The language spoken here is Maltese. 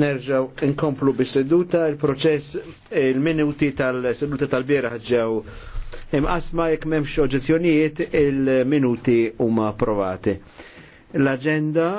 Nerġaw inkomplu bis-seduta, il-proċess il-minuti tal-seduta tal-bieraħ ġew imqasma jekk m'hemmx oġezzjonijiet il-minuti huma approvati. l agenda